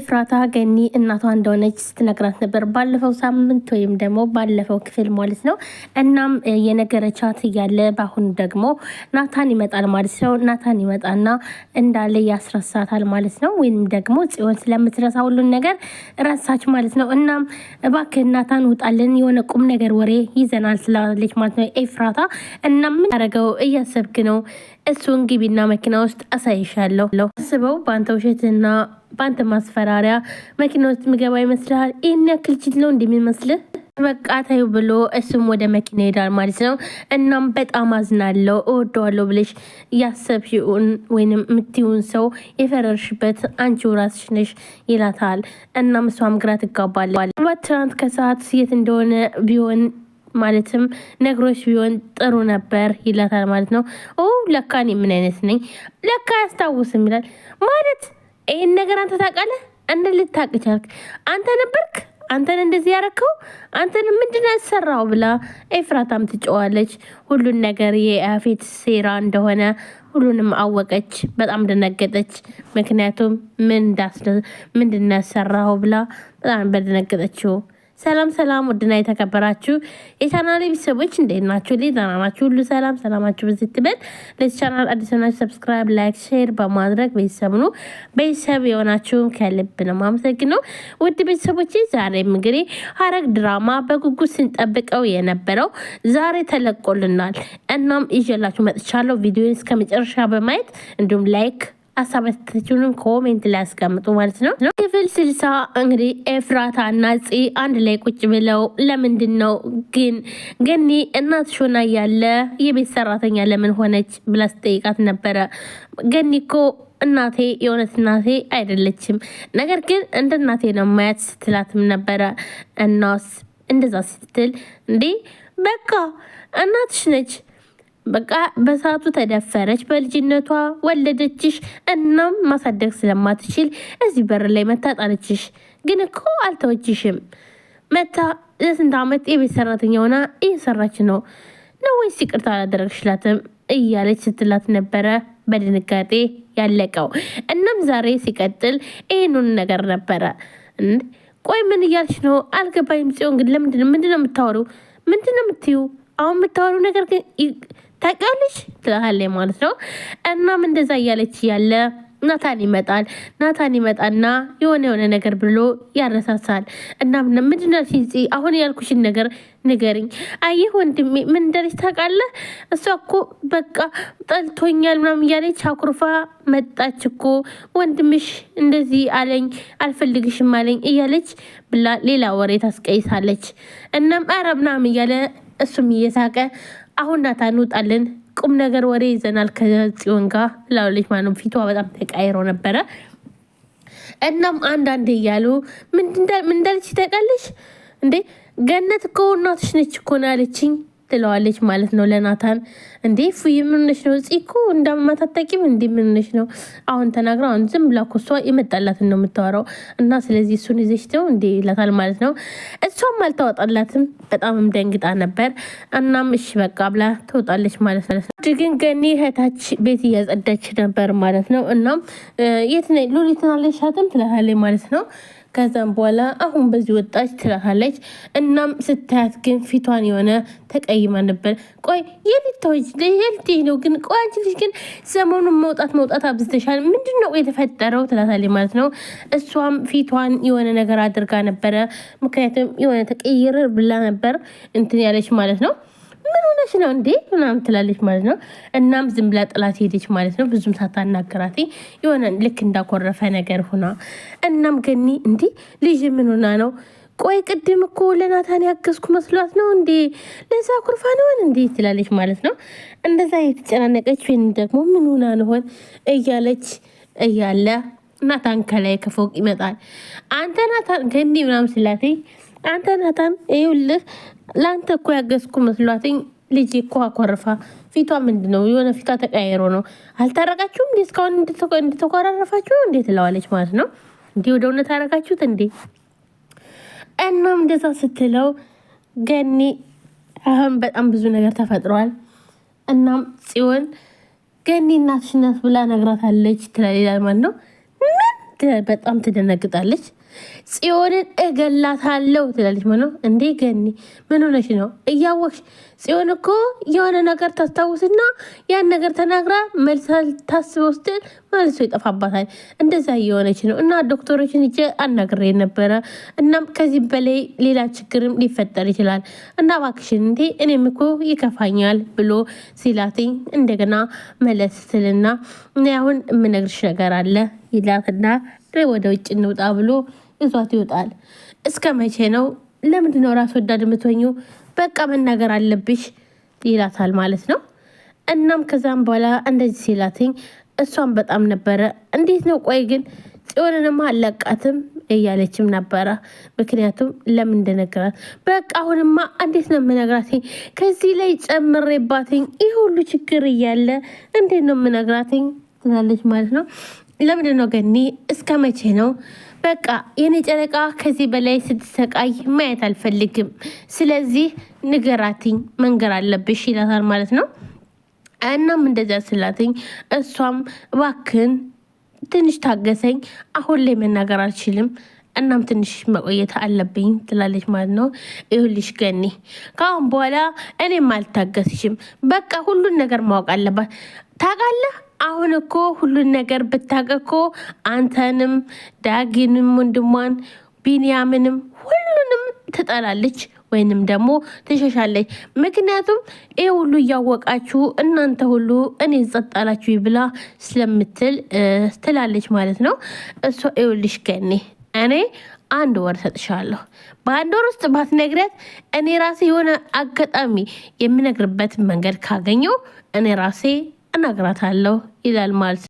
ኤፍራታ ገኒ እናቷ እንደሆነች ስትነግራት ነበር ባለፈው ሳምንት ወይም ደግሞ ባለፈው ክፍል ማለት ነው። እናም የነገረቻት እያለ በአሁኑ ደግሞ ናታን ይመጣል ማለት ነው። ናታን ይመጣና እንዳለ ያስረሳታል ማለት ነው። ወይም ደግሞ ጽዮን ስለምትረሳ ሁሉን ነገር ረሳች ማለት ነው። እናም እባክህ ናታን ውጣልን፣ የሆነ ቁም ነገር ወሬ ይዘናል ስላለች ማለት ነው ኤፍራታ። እናም ምን ያደረገው እያሰብክ ነው እሱን ግቢና መኪና ውስጥ አሳይሻለሁ። አስበው በአንተ ውሸትና በአንተ ማስፈራሪያ መኪና ውስጥ ምገባ ይመስልሃል? ይህን ያክል ችል ነው እንደሚመስልህ በቃታዩ ብሎ እሱም ወደ መኪና ይሄዳል ማለት ነው። እናም በጣም አዝናለው እወደዋለሁ ብለሽ ያሰብሽውን ወይንም የምትይውን ሰው የፈረርሽበት አንቺው ራስሽ ነሽ ይላታል። እናም እሷም ግራ ትጋባለች። ትናንት ከሰዓት የት እንደሆነ ቢሆን ማለትም ነግሮች ቢሆን ጥሩ ነበር ይላታል ማለት ነው። ኦ ለካ እኔ ምን አይነት ነኝ ለካ አያስታውስም ይላል ማለት ይህን ነገር አንተ ታውቃለህ፣ እንደ ልታቅ ቻልክ፣ አንተ ነበርክ፣ አንተን እንደዚህ ያረከው፣ አንተን ምንድን ሰራው ብላ ኤፍራታም ትጨዋለች። ሁሉን ነገር የአፌት ሴራ እንደሆነ ሁሉንም አወቀች። በጣም ደነገጠች። ምክንያቱም ምን ምንድን ብላ በጣም በደነገጠችው ሰላም ሰላም፣ ውድና የተከበራችሁ የቻናል ቤተሰቦች እንዴት ናችሁ? ሊ ደህና ናችሁ? ሁሉ ሰላም ሰላማችሁ ብዙ ይበል። ለዚህ ቻናል አዲስ ሆናችሁ ሰብስክራይብ፣ ላይክ፣ ሼር በማድረግ ቤተሰብ ነው ቤተሰብ የሆናችሁን ከልብ ነው ማመሰግነው። ውድ ቤተሰቦች ዛሬም እንግዲህ ሐረግ ድራማ በጉጉት ስንጠብቀው የነበረው ዛሬ ተለቆልናል። እናም ይዤላችሁ መጥቻለሁ። ቪዲዮን እስከ መጨረሻ በማየት እንዲሁም ላይክ አሳበተችሁንም ኮሜንት ላይ አስቀምጡ ማለት ነው። ክፍል ስልሳ እንግዲህ ኤፍራታ እና ፂ አንድ ላይ ቁጭ ብለው ለምንድን ነው ግን ገኒ እናትሽ ሆና ያለ የቤት ሰራተኛ ለምን ሆነች ብላ ስጠይቃት ነበረ። ገኒ እኮ እናቴ የእውነት እናቴ አይደለችም፣ ነገር ግን እንደ እናቴ ነው ማያት ስትላትም ነበረ። እናስ እንደዛ ስትል እንዴ በቃ እናትሽ ነች በቃ በሰዓቱ ተደፈረች፣ በልጅነቷ ወለደችሽ። እናም ማሳደግ ስለማትችል እዚህ በር ላይ መታጣለችሽ። ግን እኮ አልተወችሽም። መታ ለስንት ዓመት የቤት ሰራተኛ ሆና እየሰራች ነው ነው ወይስ ይቅርታ አላደረግሽላትም እያለች ስትላት ነበረ በድንጋጤ ያለቀው። እናም ዛሬ ሲቀጥል ይህኑን ነገር ነበረ። ቆይ ምን እያልሽ ነው? አልገባኝም። ጽዮን ግን ለምንድን ምንድን ነው የምታወሩ? ምንድን ነው የምትዩ? አሁን የምታወሩ ነገር ግን ታውቂያለሽ ትላለች ማለት ነው። እናም እንደዛ እያለች ያለ ናታን ይመጣል። ናታን ይመጣና የሆነ የሆነ ነገር ብሎ ያረሳሳል። እናም ምንድን ነው አሁን ያልኩሽን ነገር ንገርኝ። አየህ ወንድሜ ምን እንደለች ታውቃለህ? እሷ እኮ በቃ ጠልቶኛል ምናምን እያለች አኩርፋ መጣች እኮ ወንድምሽ እንደዚህ አለኝ፣ አልፈልግሽም አለኝ እያለች ብላ ሌላ ወሬ ታስቀይሳለች። እናም አረ ምናምን እያለ እሱም እየሳቀ አሁን ናታ እንውጣለን፣ ቁም ነገር ወሬ ይዘናል ከጽዮን ጋር ላለች ማንም ፊቷ በጣም ተቃይሮ ነበረ። እናም አንዳንዴ እያሉ ምን እንዳለች እንዴ? ገነት እኮ እናትሽ ነች እኮ ነው ያለችኝ ትለዋለች ማለት ነው ለናታን። እንዴ ፉዬ ምንነሽ ነው? እዚህ እኮ እንዳማታጠቂም እንዲ ምንነሽ ነው? አሁን ተናግራ አሁን ዝም ብላ እኮ እሷ የመጣላትን ነው የምታወራው። እና ስለዚህ እሱን ይዘሽ ነው እንዴ ይላታል ማለት ነው። እሷም አልተወጣላትም፣ በጣምም ደንግጣ ነበር። እናም እሺ በቃ ብላ ትወጣለች ማለት ነው። ግን ገኒ እህታች ቤት እያጸዳች ነበር ማለት ነው። እናም የት ሉሊትን አለሻትም ትላታለች ማለት ነው። ከዛም በኋላ አሁን በዚህ ወጣች ትላታለች። እናም ስታያት ግን ፊቷን የሆነ ተቀይማ ነበር። ቆይ የልታዎች ልጅ ነው ግን ቆይ አንቺ ልጅ ግን ሰሞኑን መውጣት መውጣት አብዝተሻል፣ ምንድን ነው የተፈጠረው? ትላታለች ማለት ነው። እሷም ፊቷን የሆነ ነገር አድርጋ ነበረ። ምክንያቱም የሆነ ተቀይር ብላ ነበር እንትን ያለች ማለት ነው። ምን ሆነች ነው እንዴ ምናምን ትላለች ማለት ነው። እናም ዝም ብላ ጥላት ሄደች ማለት ነው። ብዙም ሳታናገራት የሆነ ልክ እንዳኮረፈ ነገር ሁና እናም ገኒ እንዲ ልጅ ምን ሆና ነው ቆይ ቅድም እኮ ለናታን ያገዝኩ መስሏት ነው እንዴ? ለዛ ኩርፋ ነሆን እንዴ ትላለች ማለት ነው። እንደዛ የተጨናነቀች ወይም ደግሞ ምን ሆና ነሆን እያለች እያለ ናታን ከላይ ከፎቅ ይመጣል። አንተ ናታን ገኒ ምናምን ስላት አንተ ናታን ይኸውልህ፣ ለአንተ እኮ ያገዝኩ መስሏትኝ ልጅ እኮ አኮርፋ ፊቷ ምንድን ነው የሆነ ፊቷ ተቀያይሮ ነው። አልታረቃችሁም እንዴ? እስካሁን እንደተኮራረፋችሁ እንዴት ትለዋለች ማለት ነው። እንዲህ ወደ እውነት አረጋችሁት እንዴ? እናም እንደዛ ስትለው ገኒ አሁን በጣም ብዙ ነገር ተፈጥሯል። እናም ጽዮን ገኒ እናትሽ ናት ብላ ነግራታለች ትላል ማለት ነው። በጣም ትደነግጣለች። ጽዮንን እገላታለሁ ትላለች። ሆኖ እንዴ ገኒ ምን ሆነሽ ነው? እያወቅሽ ጽዮን እኮ የሆነ ነገር ታስታውስና ያን ነገር ተናግራ መልስ ታስበው ስትል መልሶ ይጠፋባታል። እንደዛ እየሆነች ነው እና ዶክተሮችን እጀ አናግሬ ነበረ። እናም ከዚህ በላይ ሌላ ችግርም ሊፈጠር ይችላል እና እባክሽን እንዴ እኔም እኮ ይከፋኛል ብሎ ሲላትኝ እንደገና መለስ ስልና እና አሁን የምነግርሽ ነገር አለ ይላትና ወደ ውጭ እንውጣ ብሎ ይዟት ይወጣል። እስከ መቼ ነው? ለምንድነው ራስ ወዳድ የምትሆኙ? በቃ መናገር አለብሽ ይላታል ማለት ነው። እናም ከዛም በኋላ እንደዚህ ሲላትኝ እሷን በጣም ነበረ። እንዴት ነው ቆይ ግን ጽዮንንም አለቃትም እያለችም ነበረ። ምክንያቱም ለምን እንደነገራት በቃ አሁንማ እንዴት ነው የምነግራት? ከዚህ ላይ ጨምሬባትኝ ይህ ሁሉ ችግር እያለ እንዴት ነው የምነግራትኝ ትላለች ማለት ነው። ለምንድን ነው ገኒ? እስከ መቼ ነው? በቃ የኔ ጨረቃ ከዚህ በላይ ስትሰቃይ ማየት አልፈልግም። ስለዚህ ንገራትኝ፣ መንገር አለብሽ ይላታል ማለት ነው። እናም እንደዚያ ስላትኝ እሷም እባክን ትንሽ ታገሰኝ፣ አሁን ላይ መናገር አልችልም እናም ትንሽ መቆየት አለብኝ ትላለች ማለት ነው። ይሁልሽ ገኒ፣ ከአሁን በኋላ እኔም አልታገስሽም። በቃ ሁሉን ነገር ማወቅ አለባት። ታውቃለህ። አሁን እኮ ሁሉን ነገር ብታውቅ እኮ አንተንም፣ ዳጊንም፣ ወንድሟን፣ ቢንያምንም ሁሉንም ትጠላለች ወይንም ደግሞ ትሸሻለች። ምክንያቱም ይህ ሁሉ እያወቃችሁ እናንተ ሁሉ እኔ ጸጣላችሁ ብላ ስለምትል ትላለች ማለት ነው። እሷ ይኸውልሽ ገኒ እኔ አንድ ወር ሰጥሻለሁ። በአንድ ወር ውስጥ ባትነግሪያት እኔ ራሴ የሆነ አጋጣሚ የምነግርበት መንገድ ካገኘው እኔ ራሴ እነግራታለሁ ይላል ማለት